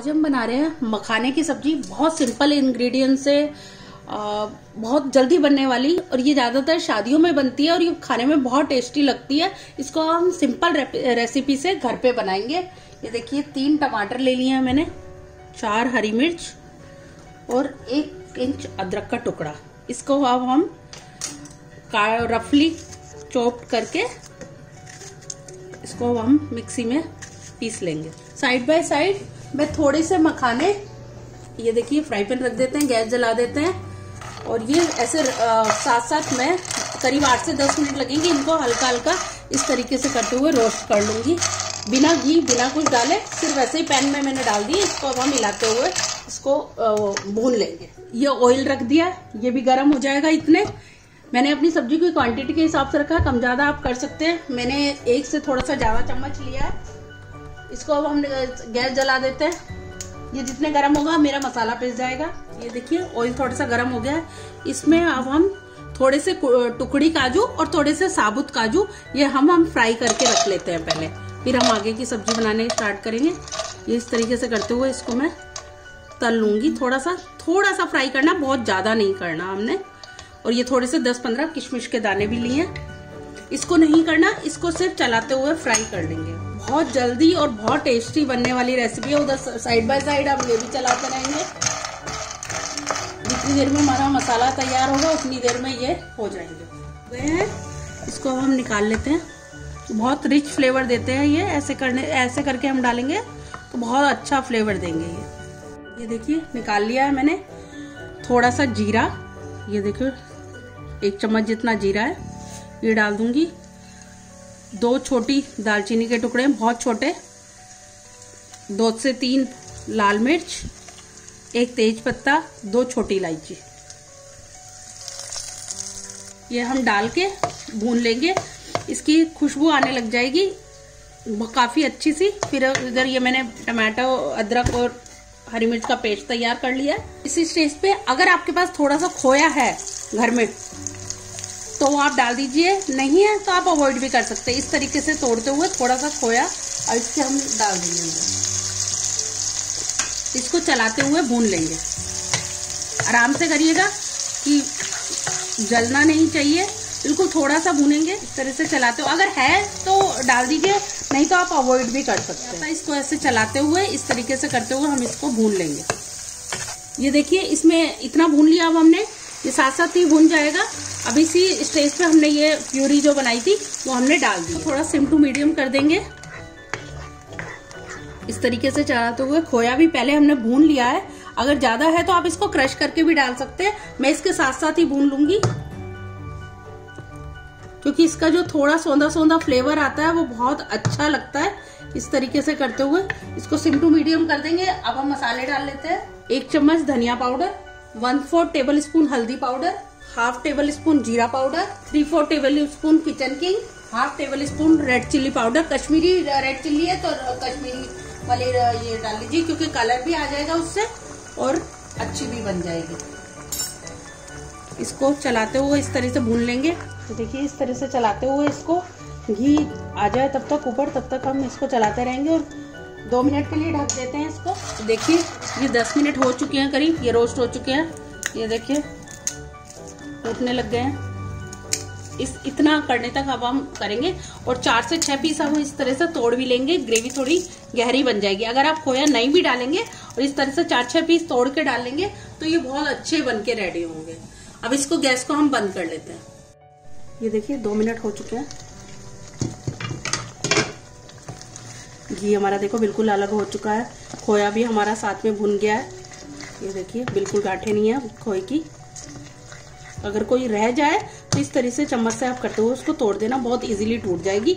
आज हम बना रहे हैं मखाने की सब्जी बहुत सिंपल इंग्रेडिएंट से बहुत जल्दी बनने वाली और ये ज़्यादातर शादियों में बनती है और ये खाने में बहुत टेस्टी लगती है इसको हम सिंपल रेसिपी से घर पे बनाएंगे ये देखिए तीन टमाटर ले लिए हैं मैंने चार हरी मिर्च और एक इंच अदरक का टुकड़ा इसको अब हम रफली चॉप करके इसको हम मिक्सी में पीस लेंगे साइड बाय साइड मैं थोड़े से मखाने ये देखिए फ्राई पैन रख देते हैं गैस जला देते हैं और ये ऐसे आ, साथ साथ मैं करीब आठ से दस मिनट लगेंगे इनको हल्का हल्का इस तरीके से करते हुए रोस्ट कर लूंगी बिना घी बिना कुछ डाले सिर्फ ऐसे ही पैन में मैंने डाल दी इसको अब हम मिलाते हुए इसको भून लेंगे ये ऑयल रख दिया ये भी गर्म हो जाएगा इतने मैंने अपनी सब्जी की क्वांटिटी के हिसाब से रखा कम ज़्यादा आप कर सकते हैं मैंने एक से थोड़ा सा ज़्यादा चम्मच लिया है इसको अब हम गैस जला देते हैं ये जितने गर्म होगा मेरा मसाला पिस जाएगा ये देखिए ऑयल थोड़ा सा गर्म हो गया है इसमें अब हम थोड़े से टुकड़ी काजू और थोड़े से साबुत काजू ये हम हम फ्राई करके रख लेते हैं पहले फिर हम आगे की सब्जी बनाने स्टार्ट करेंगे ये इस तरीके से करते हुए इसको मैं तल लूँगी थोड़ा सा थोड़ा सा फ्राई करना बहुत ज़्यादा नहीं करना हमने और ये थोड़े से 10-15 किशमिश के दाने भी लिए इसको नहीं करना इसको सिर्फ चलाते हुए फ्राई कर लेंगे बहुत जल्दी और बहुत टेस्टी बनने वाली रेसिपी है उधर साइड बाय साइड हम ये भी चलाते रहेंगे जितनी देर में हमारा मसाला तैयार होगा उतनी देर में ये हो जाएंगे गए तो हैं इसको हम निकाल लेते हैं बहुत रिच फ्लेवर देते हैं ये ऐसे करने ऐसे करके हम डालेंगे तो बहुत अच्छा फ्लेवर देंगे ये ये देखिए निकाल लिया है मैंने थोड़ा सा जीरा ये देखिए एक चम्मच जितना जीरा है ये डाल दूंगी दो छोटी दालचीनी के टुकड़े बहुत छोटे दो से तीन लाल मिर्च एक तेज पत्ता दो छोटी इलायची ये हम डाल के भून लेंगे इसकी खुशबू आने लग जाएगी काफ़ी अच्छी सी फिर इधर ये मैंने टमाटो अदरक और हरी मिर्च का पेस्ट तैयार कर लिया इसी स्टेज पे अगर आपके पास थोड़ा सा खोया है घर में तो आप डाल दीजिए नहीं है तो आप अवॉइड भी कर सकते हैं इस तरीके से तोड़ते हुए थोड़ा सा खोया और इससे हम डाल देंगे इसको चलाते हुए भून लेंगे आराम से करिएगा कि जलना नहीं चाहिए बिल्कुल थोड़ा सा भूनेंगे इस तरह से चलाते हो अगर है तो डाल दीजिए नहीं तो आप अवॉइड भी कर सकते हैं इसको ऐसे चलाते हुए इस तरीके से करते हुए हम इसको भून लेंगे ये देखिए इसमें इतना भून लिया अब हमने ये साथ साथ ही भुन जाएगा अब इसी स्टेज पे हमने ये प्यूरी जो बनाई थी वो हमने डाल दी थोड़ा सिम टू मीडियम कर देंगे इस तरीके से चलाते तो हुए खोया भी पहले हमने भून लिया है अगर ज्यादा है तो आप इसको क्रश करके भी डाल सकते हैं मैं इसके साथ साथ ही भून लूंगी क्योंकि इसका जो थोड़ा सौंदा सौंदा फ्लेवर आता है वो बहुत अच्छा लगता है इस तरीके से करते हुए इसको सिम टू मीडियम कर देंगे अब हम मसाले डाल लेते हैं एक चम्मच धनिया powder one four tablespoon हल्दी पाउडर हाफ टेबल स्पून जीरा powder three four tablespoon kitchen king half tablespoon red chilli powder Kashmiri red chilli है तो कश्मीरी uh, वाले uh, ये डाल लीजिए क्योंकि कलर भी आ जाएगा उससे और अच्छी भी बन जाएगी इसको चलाते हुए इस तरह से भून लेंगे तो देखिए इस तरह से चलाते हुए इसको घी आ जाए तब तक ऊपर तब तक हम इसको चलाते रहेंगे और दो मिनट के लिए ढक देते हैं इसको तो देखिए ये दस मिनट हो चुके हैं करीब ये रोस्ट हो चुके हैं ये देखिए टूटने लग गए हैं इस इतना करने तक अब हम करेंगे और चार से छह पीस हम इस तरह से तोड़ भी लेंगे ग्रेवी थोड़ी गहरी बन जाएगी अगर आप खोया नहीं भी डालेंगे और इस तरह से चार छह पीस तोड़ के डालेंगे तो ये बहुत अच्छे बन के रेडी होंगे अब इसको गैस को हम बंद कर लेते हैं ये देखिए दो मिनट हो चुके हैं घी हमारा देखो बिल्कुल अलग हो चुका है खोया भी हमारा साथ में भुन गया है ये देखिए बिल्कुल गाठे नहीं है खोए की अगर कोई रह जाए तो इस तरह से चम्मच से आप करते हुए उसको तोड़ देना बहुत इजीली टूट जाएगी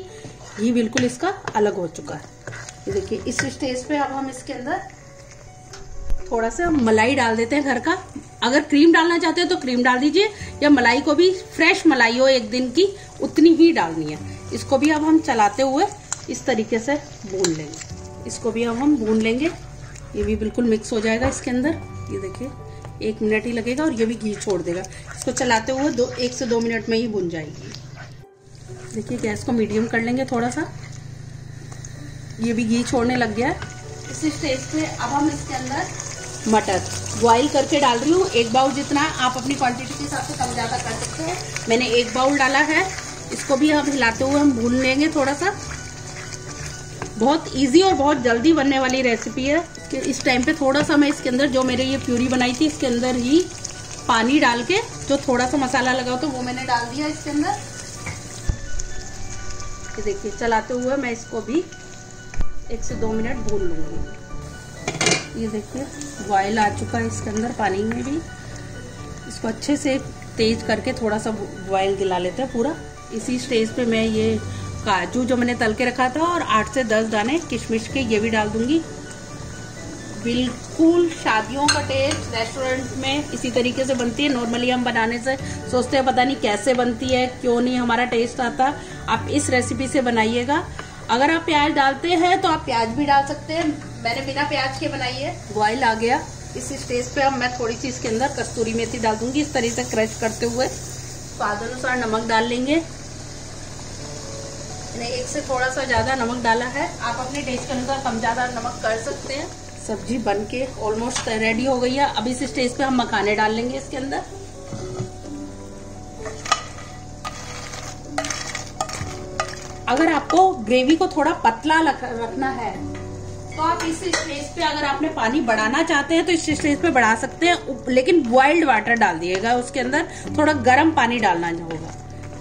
घी बिल्कुल इसका अलग हो चुका है ये देखिए इस स्टेज पे अब हम इसके अंदर थोड़ा सा मलाई डाल देते हैं घर का अगर क्रीम डालना चाहते हो तो क्रीम डाल दीजिए या मलाई को भी फ्रेश मलाई हो एक दिन की उतनी ही डालनी है इसको भी अब हम चलाते हुए इस तरीके से भून लेंगे इसको भी अब हम भून लेंगे ये भी बिल्कुल मिक्स हो जाएगा इसके अंदर ये देखिए एक मिनट ही लगेगा और ये भी घी छोड़ देगा इसको चलाते हुए दो एक से दो मिनट में ही भुन जाएगी देखिए गैस को मीडियम कर लेंगे थोड़ा सा ये भी घी छोड़ने लग गया है इसी स्टेज पे अब हम इसके अंदर मटर बॉईल करके डाल रही हूँ एक बाउल जितना आप अपनी क्वांटिटी के हिसाब से कम ज़्यादा कर सकते हैं मैंने एक बाउल डाला है इसको भी हम हिलाते हुए हम भून लेंगे थोड़ा सा बहुत इजी और बहुत जल्दी बनने वाली रेसिपी है कि इस टाइम पे थोड़ा सा मैं इसके अंदर जो मेरे ये प्यूरी बनाई थी इसके अंदर ही पानी डाल के जो थोड़ा सा मसाला लगा तो वो मैंने डाल दिया इसके अंदर ये देखिए चलाते हुए मैं इसको भी एक से दो मिनट भून लूँगी ये देखिए बॉयल आ चुका है इसके अंदर पानी में भी इसको अच्छे से तेज करके थोड़ा सा बॉयल दिला लेते हैं पूरा इसी स्टेज पे मैं ये काजू जो मैंने तल के रखा था और आठ से दस दाने किशमिश के ये भी डाल दूंगी बिल्कुल शादियों का टेस्ट रेस्टोरेंट में इसी तरीके से बनती है नॉर्मली हम बनाने से सोचते हैं पता नहीं कैसे बनती है क्यों नहीं हमारा टेस्ट आता आप इस रेसिपी से बनाइएगा अगर आप प्याज डालते हैं तो आप प्याज भी डाल सकते हैं मैंने बिना प्याज के बनाई है बॉयल आ गया इस स्टेज पे अब मैं थोड़ी सी इसके अंदर कस्तूरी मेथी डाल दूंगी इस तरह से क्रश करते हुए स्वाद अनुसार नमक डाल लेंगे मैंने एक से थोड़ा सा ज़्यादा नमक डाला है आप अपने टेस्ट के अनुसार कम ज़्यादा नमक कर सकते हैं सब्जी बन के ऑलमोस्ट रेडी हो गई है अब इस स्टेज पे हम मखाने डाल लेंगे इसके अंदर अगर आपको ग्रेवी को थोड़ा पतला रखना है तो आप इस स्टेज पे अगर आपने पानी बढ़ाना चाहते हैं तो इस स्टेज पे बढ़ा सकते हैं लेकिन बॉइल्ड वाटर डाल दिएगा उसके अंदर थोड़ा गर्म पानी डालना होगा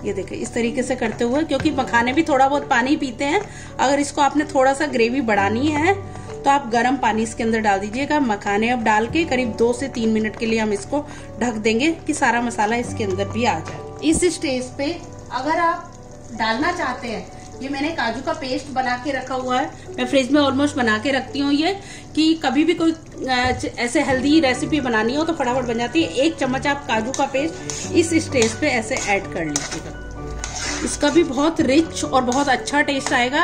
ये देखिए इस तरीके से करते हुए क्योंकि मखाने भी थोड़ा बहुत पानी पीते हैं अगर इसको आपने थोड़ा सा ग्रेवी बढ़ानी है तो आप गर्म पानी इसके अंदर डाल दीजिएगा मखाने अब डाल के करीब दो से तीन मिनट के लिए हम इसको ढक देंगे कि सारा मसाला इसके अंदर भी आ जाए इस स्टेज पे अगर आप डालना चाहते हैं ये मैंने काजू का पेस्ट बना के रखा हुआ है मैं फ्रिज में ऑलमोस्ट बना के रखती हूँ ये कि कभी भी कोई ऐसे हेल्दी रेसिपी बनानी हो तो फटाफट बन जाती है एक चम्मच आप काजू का पेस्ट इस स्टेज पे ऐसे ऐड कर लीजिएगा इसका भी बहुत रिच और बहुत अच्छा टेस्ट आएगा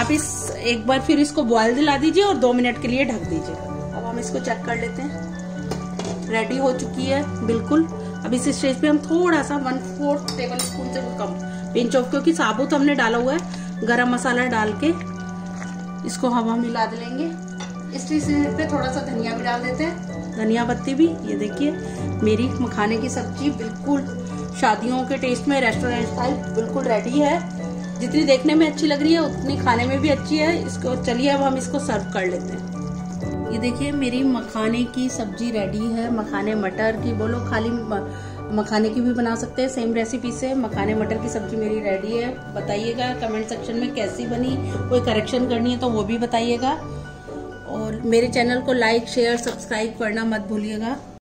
आप इस एक बार फिर इसको बॉयल दिला दीजिए और दो मिनट के लिए ढक दीजिए अब हम इसको चेक कर लेते हैं रेडी हो चुकी है बिल्कुल अब इस स्टेज पे हम थोड़ा सा वन फोर्थ टेबल स्पून से कम पिंच ऑफ क्योंकि साबुत हमने डाला हुआ है गरम मसाला डाल के इसको हम हम मिला लेंगे इस स्टेज पे थोड़ा सा धनिया भी डाल देते हैं धनिया पत्ती भी ये देखिए मेरी मखाने की सब्जी बिल्कुल शादियों के टेस्ट में रेस्टोरेंट स्टाइल बिल्कुल रेडी है जितनी देखने में अच्छी लग रही है उतनी खाने में भी अच्छी है इसको चलिए अब हम इसको सर्व कर लेते हैं ये देखिए मेरी मखाने की सब्जी रेडी है मखाने मटर की बोलो खाली मखाने की भी बना सकते हैं सेम रेसिपी से मखाने मटर की सब्जी मेरी रेडी है बताइएगा कमेंट सेक्शन में कैसी बनी कोई करेक्शन करनी है तो वो भी बताइएगा और मेरे चैनल को लाइक शेयर सब्सक्राइब करना मत भूलिएगा